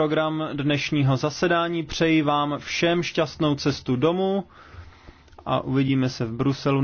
program dnešního zasedání. Přeji vám všem šťastnou cestu domů a uvidíme se v Bruselu.